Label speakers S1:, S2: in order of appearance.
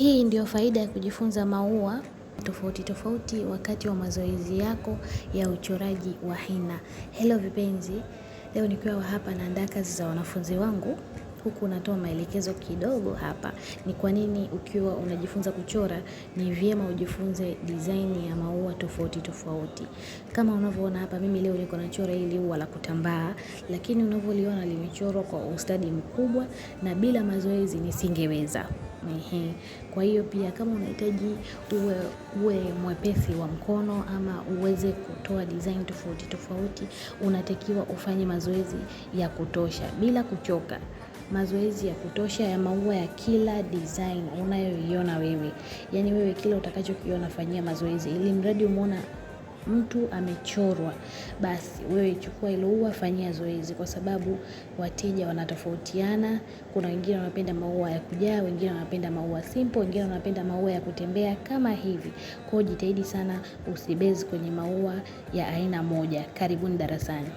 S1: Hii ndiyo faida ya kujifunza maua tofauti tofauti wakati wa mazoezi yako ya uchoraji wa hina. Hello vipenzi, leo nikiwa hapa naandaa kazi za wanafunzi wangu huku unatoa maelekezo kidogo hapa. Ni kwa nini ukiwa unajifunza kuchora ni vyema ujifunze design ya maua tofauti tofauti. Kama unavyoona hapa, mimi leo niko nachora hili ua la kutambaa, lakini unavyoliona limechorwa kwa ustadi mkubwa na bila mazoezi nisingeweza. Ehe. Kwa hiyo pia kama unahitaji uwe, uwe mwepesi wa mkono ama uweze kutoa design tofauti tofauti, unatakiwa ufanye mazoezi ya kutosha bila kuchoka mazoezi ya kutosha ya maua ya kila design unayoiona wewe. Yaani wewe kila utakachokiona fanyia mazoezi ili mradi umeona mtu amechorwa, basi wewe chukua ile ua, fanyia zoezi, kwa sababu wateja wanatofautiana. Kuna wengine wanapenda maua ya kujaa, wengine wanapenda maua simple, wengine wanapenda maua ya kutembea kama hivi. Kwa hiyo jitahidi sana usibezi kwenye maua ya aina moja. Karibuni darasani.